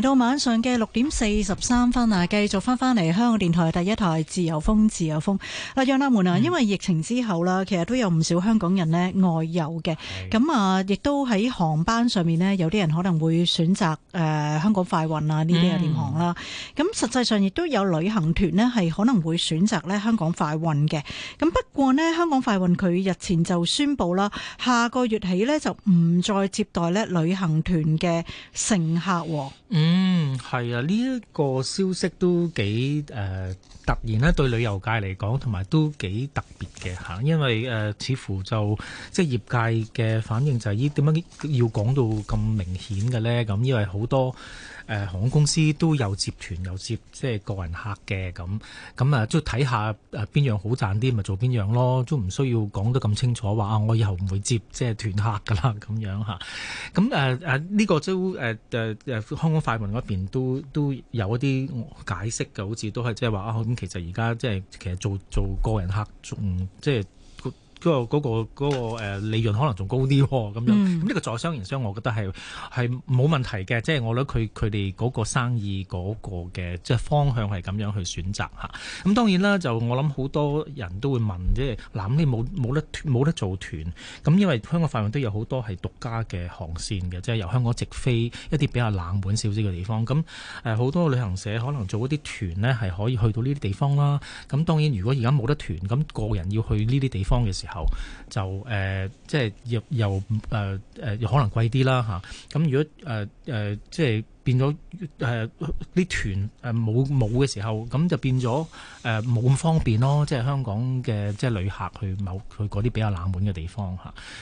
到晚上嘅六點四十三分啊，繼續翻翻嚟香港電台第一台自由風，自由風。嗱啊，袁生們啊，因為疫情之後啦，其實都有唔少香港人咧外遊嘅，咁啊，亦都喺航班上面咧，有啲人可能會選擇誒、呃、香港快運啊呢啲啊廉航啦。咁、嗯、實際上亦都有旅行團咧，係可能會選擇咧香港快運嘅。咁不過咧，香港快運佢日前就宣布啦，下個月起咧就唔再接待咧旅行團嘅乘客。嗯。嗯，係啊，呢、這、一個消息都幾誒、呃、突然咧，對旅遊界嚟講，同埋都幾特別嘅吓，因為誒、呃、似乎就即係業界嘅反應就係、是、咦，點解要講到咁明顯嘅咧，咁因為好多。誒、呃、航空公司都有接團，又接即係個人客嘅咁，咁啊都睇下誒邊樣好賺啲，咪做邊樣咯，都唔需要講得咁清楚話啊！我以後唔會接即係團客噶啦，咁樣咁，誒呢個都，誒誒誒香港快運嗰邊都都有一啲解釋嘅，好似都係即係話啊，咁，其實而家即係其實做做個人客仲，嗯，即係。嗰個嗰個嗰個誒利潤可能仲高啲咁樣，咁呢個在商言商，我覺得係係冇問題嘅，即係我諗佢佢哋嗰個生意嗰個嘅即係方向係咁樣去選擇吓，咁當然啦，就我諗好多人都會問，即係嗱你冇冇得冇得做團？咁因為香港範圍都有好多係獨家嘅航線嘅，即係由香港直飛一啲比較冷門少少嘅地方。咁誒好多旅行社可能做一啲團呢，係可以去到呢啲地方啦。咁當然如果而家冇得團，咁個人要去呢啲地方嘅時候，後就誒、呃，即係又又誒誒，又可能貴啲啦吓。咁如果誒誒、呃呃，即係。變咗誒啲團冇冇嘅時候，咁就變咗冇咁方便咯。即係香港嘅即係旅客去某去嗰啲比較冷門嘅地方，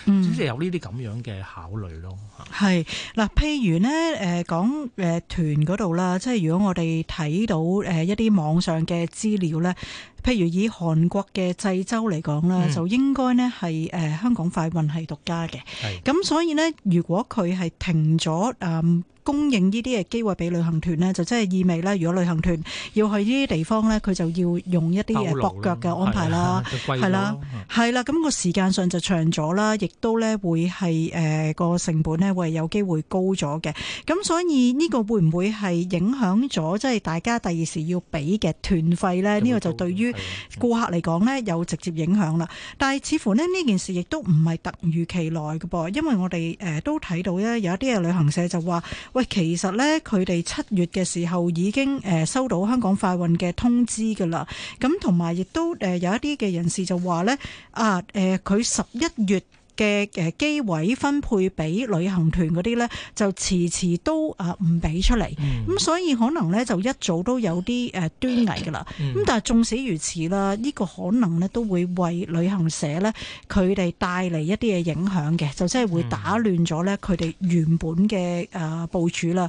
嗯、即係有呢啲咁樣嘅考慮咯。係嗱，譬如呢誒講團嗰度啦，即係如果我哋睇到一啲網上嘅資料咧，譬如以韓國嘅濟州嚟講啦，嗯，就應該呢係香港快運係獨家嘅。係咁，所以呢，如果佢係停咗供應呢啲嘅機會俾旅行團咧，就真係意味咧，如果旅行團要去呢啲地方咧，佢就要用一啲誒駁腳嘅安排啦，係啦，係啦，咁個時間上就長咗啦，亦都咧會係誒個成本咧會係有機會高咗嘅。咁所以呢個會唔會係影響咗即係大家第二時要俾嘅團費咧？呢個就對於顧客嚟講咧有直接影響啦。但係似乎咧呢件事亦都唔係突如其來嘅噃，因為我哋誒都睇到咧有一啲嘅旅行社就話。喂，其實咧，佢哋七月嘅時候已經誒收到香港快運嘅通知㗎啦，咁同埋亦都誒有一啲嘅人士就話咧啊，誒，佢十一月嘅誒機位分配俾旅行團嗰啲呢，就遲遲都啊唔俾出嚟，咁、嗯、所以可能呢，就一早都有啲誒端倪噶啦，咁、嗯、但係縱使如此啦，呢、呢個可能呢，都會為旅行社呢，佢哋帶嚟一啲嘅影響嘅，就真係會打亂咗呢，佢哋原本嘅誒部署啦。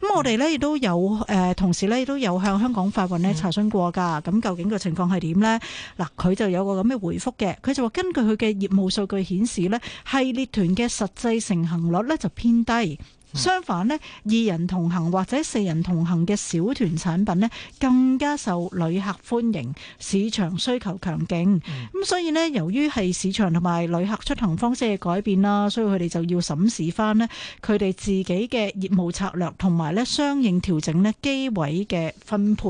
咁我哋呢亦都有誒、呃，同時呢亦都有向香港快運呢查詢過，㗎、嗯。咁究竟個情況係點呢？嗱，佢就有個咁嘅回覆嘅。佢就話根據佢嘅業務數據顯示呢，系列團嘅實際成行率呢就偏低。相反呢，二人同行或者四人同行嘅小團產品呢更加受旅客歡迎，市場需求強勁。咁、嗯、所以呢由於係市場同埋旅客出行方式嘅改變啦，所以佢哋就要審視翻呢佢哋自己嘅業務策略，同埋呢相應調整呢機位嘅分配。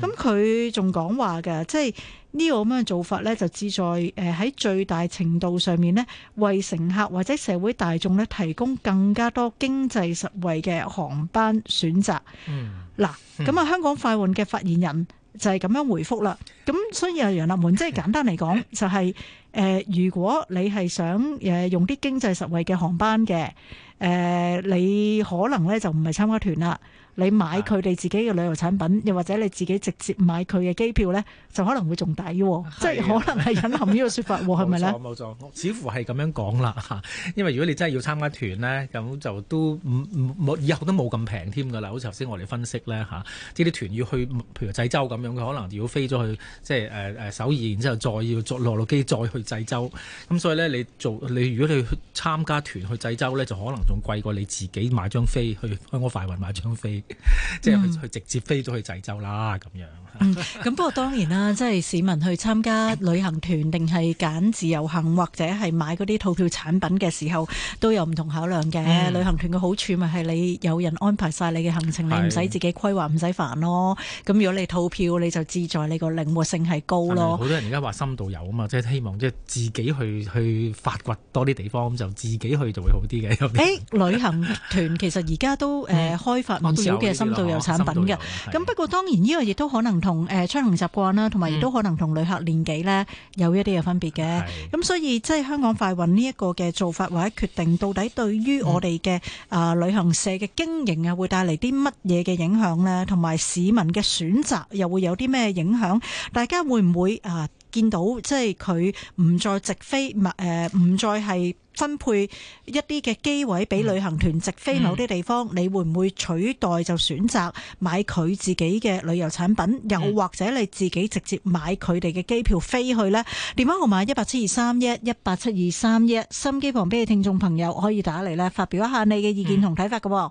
咁佢仲講話嘅，即、嗯、係。呢個咁樣做法呢，就旨在誒喺最大程度上面呢，為乘客或者社會大眾呢，提供更加多經濟實惠嘅航班選擇。嗯，嗱，咁啊，香港快運嘅發言人就係咁樣回覆啦。咁所以啊，楊立門即係簡單嚟講，就係誒、呃，如果你係想誒用啲經濟實惠嘅航班嘅。誒、呃，你可能咧就唔係參加團啦，你買佢哋自己嘅旅遊產品，又或者你自己直接買佢嘅機票咧，就可能會仲抵喎，即係可能係隱含這個說 是是呢個説法喎，係咪咧？冇錯，似乎係咁樣講啦嚇，因為如果你真係要參加團咧，咁就都以後都冇咁平添㗎啦。好似頭先我哋分析咧嚇，呢啲團要去，譬如濟州咁樣嘅，可能要飛咗去，即係誒誒首爾，然之後再要落落機再去濟州，咁所以咧你做你如果你去參加團去濟州咧，就可能。貴過你自己買張飛去香港快運買張飛，即係去、嗯、去直接飛到去濟州啦，咁樣。 嗯，咁不過當然啦，即係市民去參加旅行團定係揀自由行，或者係買嗰啲套票產品嘅時候，都有唔同的考量嘅、嗯。旅行團嘅好處咪係你有人安排晒你嘅行程，你唔使自己規劃唔使煩咯。咁如果你套票，你就自在，你個靈活性係高咯。好、嗯、多人而家話深度遊啊嘛，即係希望即係自己去去發掘多啲地方，咁就自己去做會好啲嘅。誒、欸，旅行團其實而家都誒、嗯、開發唔少嘅深度遊、啊、產品嘅。咁、嗯、不過當然呢個亦都可能。同誒，出行習慣啦，同埋亦都可能同旅客年紀呢有一啲嘅分別嘅。咁所以即係香港快運呢一個嘅做法或者決定，到底對於我哋嘅啊旅行社嘅經營啊，會帶嚟啲乜嘢嘅影響呢？同埋市民嘅選擇又會有啲咩影響？大家會唔會啊？呃見到即係佢唔再直飛，唔再係分配一啲嘅機位俾旅行團直飛某啲地方，你會唔會取代就選擇買佢自己嘅旅遊產品，又或者你自己直接買佢哋嘅機票飛去呢？電話號碼一八七二三一一八七二三一，心機旁邊嘅聽眾朋友可以打嚟咧，發表一下你嘅意見同睇法喎。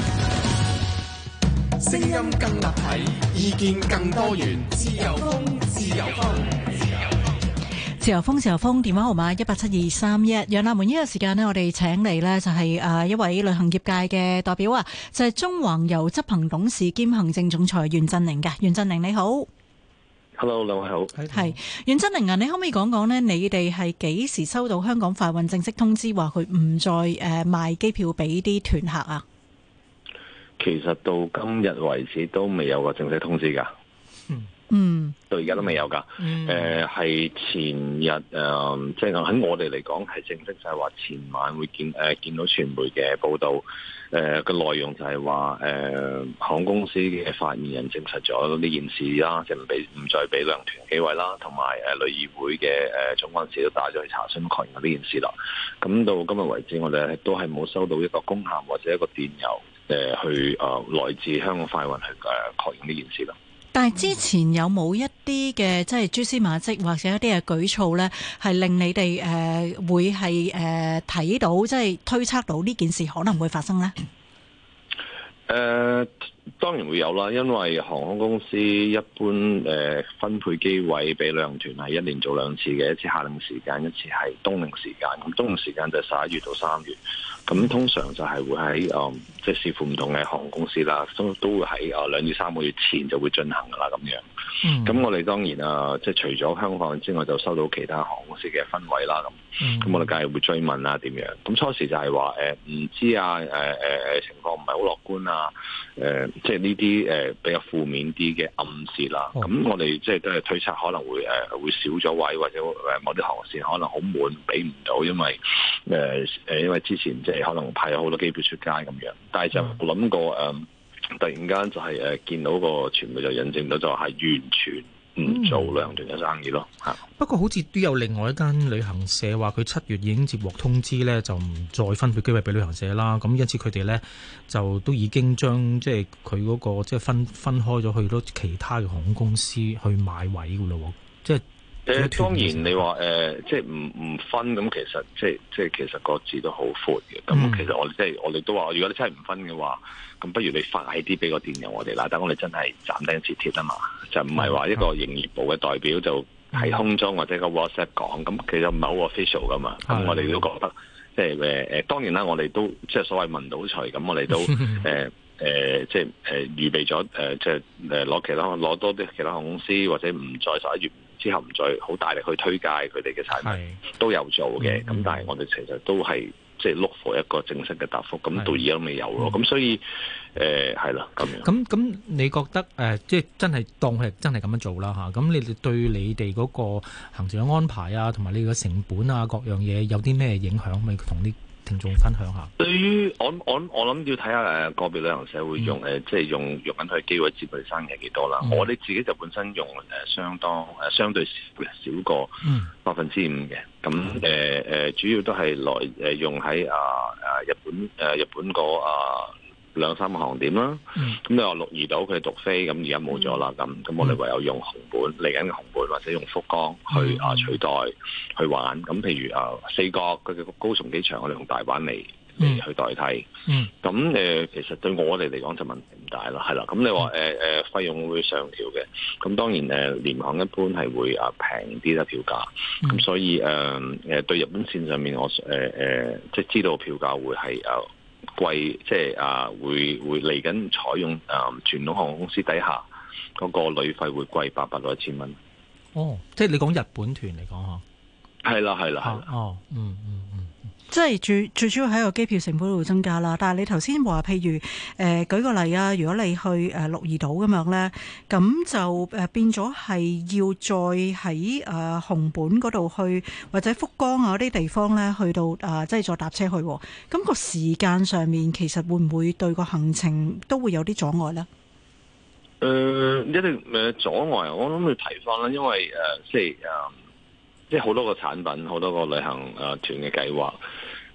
聲音更立體，意見更多元。自由風，自由風，自由風。自由風，自由風。自由風自由風電話號碼一八七二三一。楊立門呢個時間咧，我哋請嚟咧就係誒一位旅行業界嘅代表啊，就係、是、縱橫遊執行董事兼行政總裁袁振寧嘅。袁振寧你好，Hello，兩位好，係袁振寧啊，你可唔可以講講咧？你哋係幾時收到香港快運正式通知話佢唔再誒賣機票俾啲團客啊？其實到今日為止都未有個正式通知㗎，嗯，到而家都未有㗎，誒係前日誒、呃，即係喺我哋嚟講係正式就係話前晚會見誒、呃、見到傳媒嘅報道，誒、呃、個內容就係話誒航空公司嘅發言人證實咗呢件事啦，就唔俾唔再俾兩團機位啦，同埋誒旅業會嘅誒、呃、總幹事都帶咗去查詢確認呢件事啦。咁到今日為止，我哋都係冇收到一個公函或者一個電郵。誒，去、呃、誒，來自香港快運去誒，確認呢件事咯。但係之前有冇一啲嘅，即係蛛絲馬跡，或者一啲嘅舉措咧，係令你哋誒、呃，會係誒，睇、呃、到即係推測到呢件事可能會發生咧？誒、呃，當然會有啦，因為航空公司一般誒、呃、分配機位俾旅行團係一年做兩次嘅，一次夏令時間，一次係冬令時間。咁冬令時間就係十一月到三月。咁、嗯嗯、通常就係會喺誒，即係視乎唔同嘅航空公司啦，都都會喺誒兩至三個月前就會進行噶啦，咁樣。咁、嗯、我哋當然啊，即、呃、係除咗香港之外，就收到其他航空公司嘅分位啦。咁、嗯，咁、嗯、我哋梗係會追問啦，點樣。咁初時就係話誒唔知啊，誒誒誒情況唔係好樂觀啊，誒即係呢啲誒比較負面啲嘅暗示啦。咁、嗯、我哋即係都係推測可能會誒、呃、會少咗位，或者誒某啲航線可能好滿，俾唔到，因為誒誒、呃、因為之前即係。呃可能派好多機票出街咁樣，但係就諗過誒、嗯，突然間就係、是、誒見到個傳媒就印證到就係完全唔做旅行團嘅生意咯。吓、嗯，不過好似都有另外一間旅行社話，佢七月已經接獲通知咧，就唔再分配機票俾旅行社啦。咁因此佢哋咧就都已經將即係佢嗰個即係、就是、分分開咗去多其他嘅航空公司去買位噶咯，即、就、係、是。誒，當然你話誒、呃，即係唔唔分咁，其實即係即係，其實個字都好闊嘅。咁、嗯、其實我即係我哋都話，如果你真係唔分嘅話，咁不如你快啲俾個電郵我哋啦。等我哋真係斬釘截鐵啊嘛，就唔係話一個營業部嘅代表就喺空中或者個 WhatsApp 講，咁、嗯、其實唔係好 official 噶嘛。咁、嗯、我哋都覺得，即係誒誒，當然啦，我哋都即係所謂問到齊，咁我哋都誒誒，即係誒預備咗誒，即係誒攞其他攞多啲其他航公司，或者唔再十一月。之後唔再好大力去推介佢哋嘅產品，都有做嘅。咁、嗯、但係我哋其實都係即係 look for 一個正式嘅答覆。咁到而家都未有咯。咁、嗯、所以誒係啦。咁咁咁你覺得誒、呃，即係真係當佢係真係咁樣做啦吓。咁、啊、你哋對你哋嗰個行程安排啊，同埋你個成本啊，各樣嘢有啲咩影響咪同啲？聽眾分享下，對於我我我諗要睇下誒，個別旅行社會用誒、嗯，即係用用緊佢嘅機會接佢生意幾多啦、嗯。我哋自己就本身用誒，相當誒，相對少少過百分之五嘅。咁誒誒，主要都係來誒用喺啊、呃、日本誒、呃、日本個啊。呃兩三個航點啦，咁、嗯嗯、你話鹿兒島佢獨飛，咁而家冇咗啦，咁咁我哋唯有用紅本嚟緊嘅紅本，或者用福岡去、嗯、啊取代去玩。咁譬如啊，四國，佢嘅高雄機場，我哋用大阪嚟嚟去代替。咁、嗯嗯呃、其實對我哋嚟講就問題唔大啦，係啦。咁你話、嗯呃呃、費用會上調嘅，咁當然誒廉航一般係會啊平啲啦票價。咁、嗯、所以、呃、對日本線上面我、呃呃、即係知道票價會係有。呃貴，即係啊，會會嚟緊採用啊嗯、傳統航空公司底下嗰、那個旅費會貴八百六一千蚊。哦，即係你講日本團嚟講吓，係啦係啦係啦。哦，嗯嗯嗯。嗯即係最最主要喺個機票成本度增加啦。但係你頭先話，譬如誒、呃、舉個例啊，如果你去誒、呃、鹿兒島咁樣咧，咁就誒變咗係要再喺誒、呃、紅本嗰度去，或者福岡啊啲地方咧去到誒、呃，即係再搭車去。咁、那個時間上面其實會唔會對個行程都會有啲阻礙呢？誒、呃、一定誒阻礙。我諗要提翻啦，因為誒即係誒。呃即係好多個產品，好多個旅行誒團嘅計劃誒、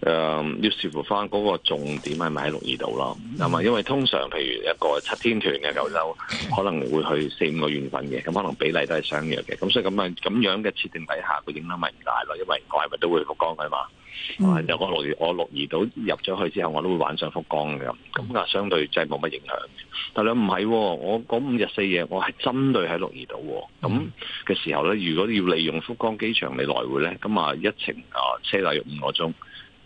呃，要視乎翻嗰個重點係咪喺鹿兒島咯？咁啊，因為通常譬如一個七天團嘅九州，可能會去四五個縣份嘅，咁可能比例都係相若嘅。咁所以咁啊，咁樣嘅設定底下，佢影響咪唔大咯？因為外物都會復光佢嘛。啊、嗯！又我六月我鹿兒島入咗去之後，我都會玩上福岡嘅咁，咁啊相對即係冇乜影響。但係唔係，我五日四夜，我係針對喺鹿兒島咁嘅時候咧。如果要利用福岡機場嚟來回咧，咁啊一程啊車大約五個鐘，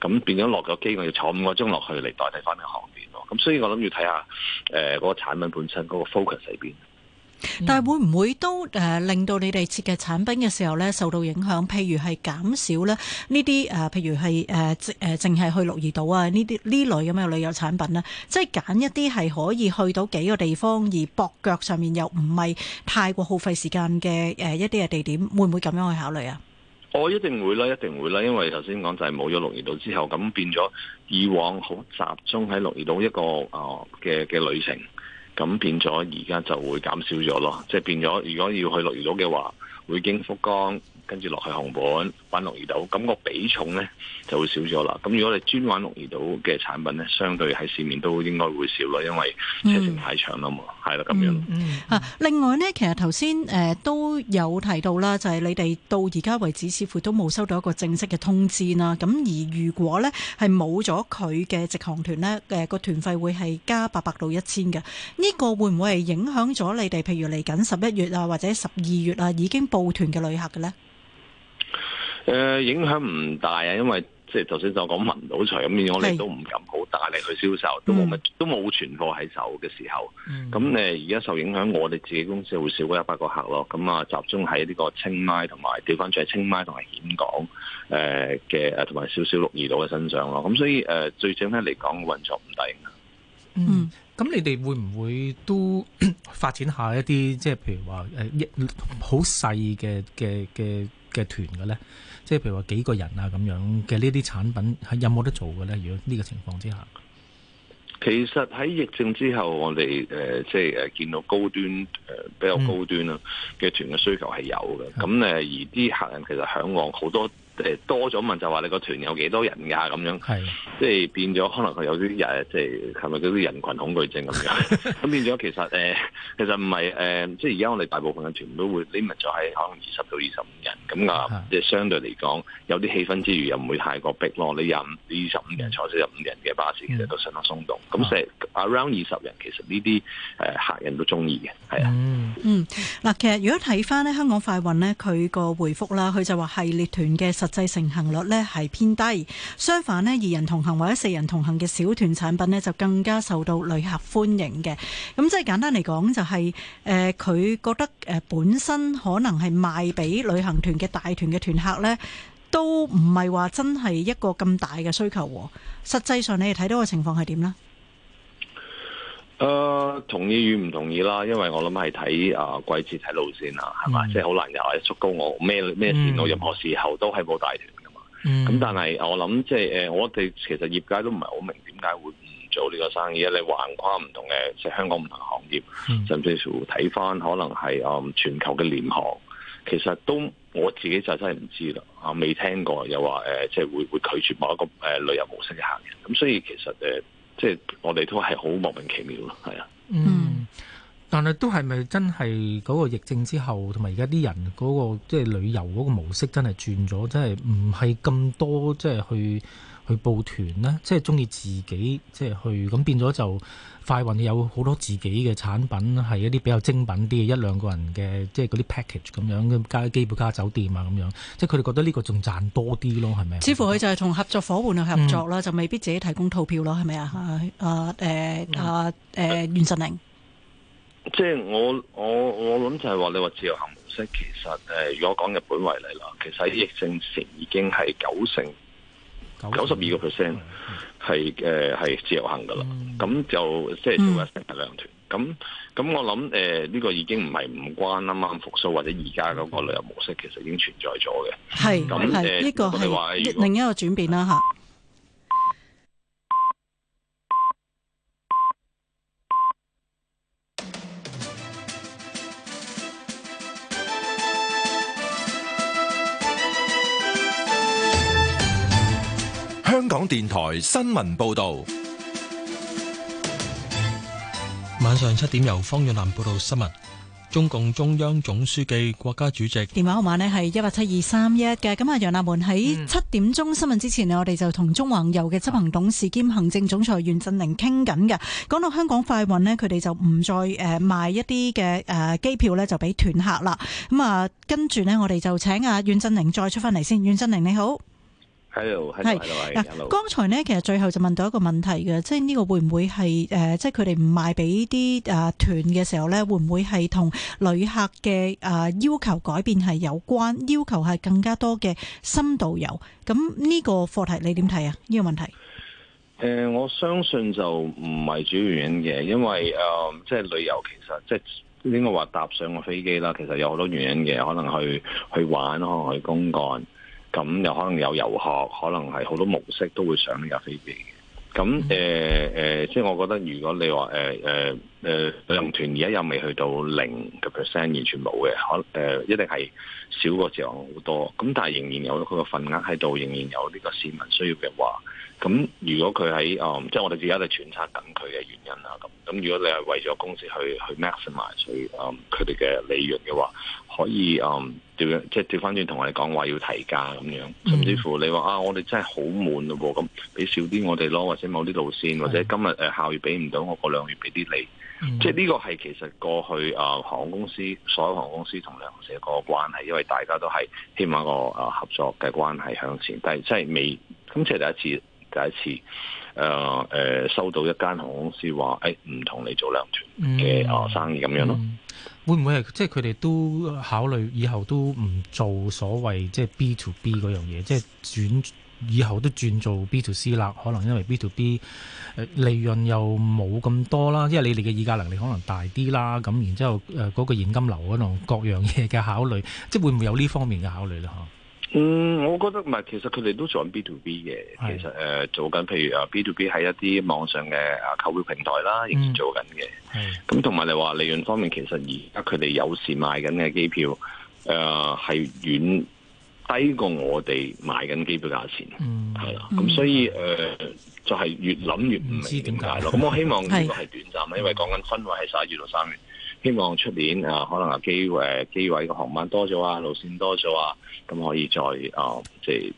咁變咗落個機，我要坐五個鐘落去嚟代替翻個航段咯。咁所以我諗要睇下誒，嗰、呃那個產品本身嗰、那個 focus 喺邊。嗯、但係會唔會都誒令到你哋設計產品嘅時候咧受到影響？譬如係減少咧呢啲誒，譬如係誒，誒淨係去鹿兒島啊呢啲呢類咁嘅旅遊產品咧，啊，即係揀一啲係可以去到幾個地方而駁腳上面又唔係太過耗費時間嘅誒一啲嘅地點，會唔會咁樣去考慮啊？我一定會啦，一定會啦，因為頭先講就係冇咗鹿兒島之後，咁變咗以往好集中喺鹿兒島一個嘅嘅、呃、旅程。咁變咗，而家就會減少咗咯。即係變咗，如果要去鹿兒島嘅話，會經福岡。跟住落去，航本玩鹿兒島，咁個比重呢就會少咗啦。咁如果你專玩鹿兒島嘅產品呢，相對喺市面都應該會少咯，因為車程太長啦嘛，係啦咁樣，嗯嗯嗯啊。另外呢，其實頭先誒都有提到啦，就係、是、你哋到而家為止，似乎都冇收到一個正式嘅通知啦。咁而如果呢係冇咗佢嘅直航團呢，誒個團費會係加八百到一千嘅呢個會唔會係影響咗你哋？譬如嚟緊十一月啊，或者十二月啊，已經報團嘅旅客嘅呢？誒、呃，影響唔大啊，因為即係頭先就講聞唔到除咁，而我哋都唔敢好大力去銷售，的都冇乜、嗯、都冇存貨喺手嘅時候。咁咧而家受影響，我哋自己公司會少過一百個客咯。咁啊，集中喺呢個清邁同埋調翻轉係清邁同埋峴港誒嘅誒，同埋少少六二島嘅身上咯。咁、呃、所以誒、呃，最正咧嚟講運作唔大。嗯，咁你哋會唔會都發展一下一啲即係譬如話誒好細嘅嘅嘅嘅團嘅咧？即係譬如話幾個人啊咁樣嘅呢啲產品，係有冇得做嘅咧？如果呢個情況之下，其實喺疫症之後，我哋誒、呃、即係誒見到高端誒、呃、比較高端啦嘅團嘅需求係有嘅。咁誒、呃、而啲客人其實向往好多。多咗問就話你個團有幾多人㗎咁樣，即係變咗可能有啲人，即係係咪嗰啲人群恐懼症咁樣？咁 變咗其實、呃、其實唔係、呃、即係而家我哋大部分嘅團都會，你咪就係可能二十到二十五人咁㗎，即係相對嚟講有啲氣氛之餘，又唔會太過逼咯。你廿二十五人坐四十五人嘅巴士其實、嗯、都相當鬆動。咁、啊、成 around 二十人，其實呢啲誒客人都中意嘅，係啊。嗯，嗱、嗯，其實如果睇翻咧香港快運咧，佢個回覆啦，佢就話係列團嘅實制成行率咧係偏低，相反咧二人同行或者四人同行嘅小團產品咧就更加受到旅客歡迎嘅。咁即係簡單嚟講就係、是，誒、呃、佢覺得誒本身可能係賣俾旅行團嘅大團嘅團客呢，都唔係話真係一個咁大嘅需求。實際上你哋睇到嘅情況係點呢？誒、呃、同意與唔同意啦，因為我諗係睇誒季節、睇路線啦、啊，係、mm. 嘛，即係好難有一束高我咩咩線路，mm. 任何時候都係冇大團噶嘛。咁、mm. 但係我諗即係誒，我、呃、哋其實業界都唔係好明點解會唔做呢個生意咧。你、啊、橫跨唔同嘅即係香港唔同行業，甚至乎睇翻可能係誒、嗯、全球嘅廉航，其實都我自己就真係唔知啦，未聽過又話、呃、即係會會拒絕某一個旅遊、呃呃、模式嘅客人。咁、啊、所以其實誒。呃即係我哋都係好莫名其妙咯，係啊。嗯，但係都係咪真係嗰個疫症之後，同埋而家啲人嗰個即係旅遊嗰個模式真係轉咗，真係唔係咁多即係去。去報團咧，即係中意自己，即係去咁，變咗就快運有好多自己嘅產品，係一啲比較精品啲嘅一兩個人嘅，即係嗰啲 package 咁樣咁加基本加酒店啊咁樣，即係佢哋覺得呢個仲賺多啲咯，係咪？似乎佢就係同合作伙伴去合作啦，um, 就未必自己提供套票咯，係咪啊？啊誒啊誒，袁振寧、嗯 uh, 即係我我我諗就係話你話自由行模式其實誒，如果講日本為例啦，其實喺疫情前已經係九成。九十二個 percent 係誒係自由行嘅啦，咁、嗯、就即係做緊兩團。咁、嗯、咁我諗誒呢個已經唔係唔關啱啱復甦或者而家嗰個旅遊模式其實已經存在咗嘅。係係呢個係另一個轉變啦嚇。香港電台新聞報道，晚上七點由方潤南報道新聞。中共中央總書記、國家主席電話號碼呢係一八七二三一嘅。咁啊，楊立門喺七點鐘新聞之前呢、嗯，我哋就同縱橫遊嘅執行董事兼行政總裁袁振寧傾緊嘅。講到香港快運呢，佢哋就唔再誒賣一啲嘅誒機票呢，就俾團客啦。咁啊，跟住呢，我哋就請阿袁振寧再出返嚟先。袁振寧你好。係，嗱，剛才呢，其實最後就問到一個問題嘅，即係呢個會唔會係誒，即係佢哋唔賣俾啲誒團嘅時候呢，會唔會係同旅客嘅誒要求改變係有關？要求係更加多嘅深度遊，咁呢個課題你點睇啊？呢、這個問題？誒、呃，我相信就唔係主要原因嘅，因為誒、呃，即係旅遊其實即係應該話搭上個飛機啦。其實有好多原因嘅，可能去去玩，可能去公幹。咁又可能有遊學，可能係好多模式都會上呢架飛機嘅。咁誒誒，即、mm、係 -hmm. 呃呃、我覺得，如果你話誒誒誒旅行團而家又未去到零嘅 percent，完全冇嘅，可誒、呃、一定係少過自由行好多。咁但係仍然有佢個份額喺度，仍然有呢個市民需要嘅話。咁如果佢喺嗯，即係我哋而家都揣測緊佢嘅原因啦咁。咁如果你係為咗公司去去 maximize 佢嗯佢哋嘅利潤嘅話，可以嗯點即係調翻轉同我哋講話要提價咁樣，甚至乎你話啊，我哋真係好悶嘞咁俾少啲我哋咯，或者某啲路線，或者今日誒下月俾唔到，我過兩月俾啲你。嗯、即係呢個係其實過去啊、呃，航空公司所有航空公司同旅行社個關係，因為大家都係希望一個合作嘅關係向前，但係真係未今次第一次。第一次，誒、呃、誒、呃、收到一間航空公司話，誒唔同你做兩團嘅啊、嗯呃、生意咁樣咯、嗯，會唔會係即係佢哋都考慮以後都唔做所謂即係 B to B 嗰樣嘢，即、就、係、是、轉以後都轉做 B to C 啦？可能因為 B to B 誒利潤又冇咁多啦，因為你哋嘅議價能力可能大啲啦，咁然之後誒嗰個現金流嗰度各樣嘢嘅考慮，即係會唔會有呢方面嘅考慮咧？嚇？嗯，我覺得唔係，其實佢哋都做緊 B to B 嘅，其實誒、呃、做緊，譬如啊 B to B 喺一啲網上嘅啊購票平台啦，仍、嗯、然做緊嘅。咁同埋你話利潤方面，其實而家佢哋有時賣緊嘅機票誒係遠低過我哋賣緊機票價錢，係、嗯、啦。咁、嗯嗯、所以誒、呃、就係、是、越諗越唔明點解咯。咁我希望呢個係短暫，因為講緊分位喺十一月到三月。希望出年啊，可能啊機誒機位嘅航班多咗啊，路線多咗啊，咁可以再啊，即係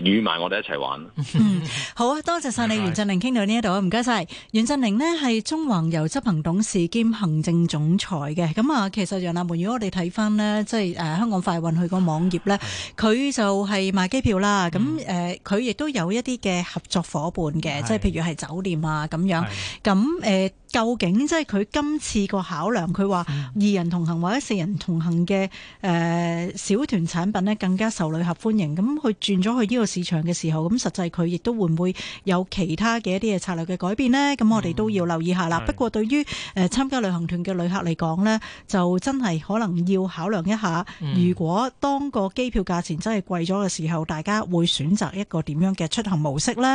誒，預埋我哋一齊玩咯。嗯，好啊，多謝晒你，袁振寧，傾到呢一度啊，唔該晒。袁振寧咧係縱橫遊執行董事兼行政總裁嘅。咁啊，其實楊立梅，如果我哋睇翻咧，即係誒香港快運去個網頁咧，佢就係賣機票啦。咁誒，佢亦都有一啲嘅合作夥伴嘅，即係譬如係酒店啊咁樣。咁誒。究竟即係佢今次個考量，佢話二人同行或者四人同行嘅誒、呃、小團產品咧更加受旅客歡迎。咁佢轉咗去呢個市場嘅時候，咁實際佢亦都會唔會有其他嘅一啲嘅策略嘅改變咧？咁我哋都要留意一下啦、嗯。不過對於誒、呃、參加旅行團嘅旅客嚟講咧，就真係可能要考量一下，如果當個機票價錢真係貴咗嘅時候，大家會選擇一個點樣嘅出行模式咧？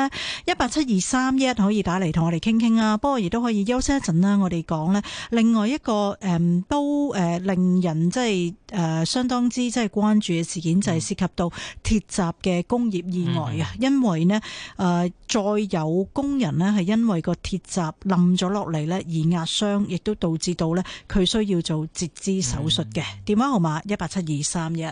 一八七二三一可以打嚟同我哋傾傾啊。不過亦都可以休息即一陣啦，我哋講呢，另外一個誒、嗯，都誒令人即係誒相當之即係關注嘅事件，就係、是、涉及到鐵閘嘅工業意外啊、嗯。因為呢，誒、呃，再有工人呢，係因為個鐵閘冧咗落嚟，呢，而壓傷，亦都導致到呢，佢需要做截肢手術嘅。電話號碼一八七二三一。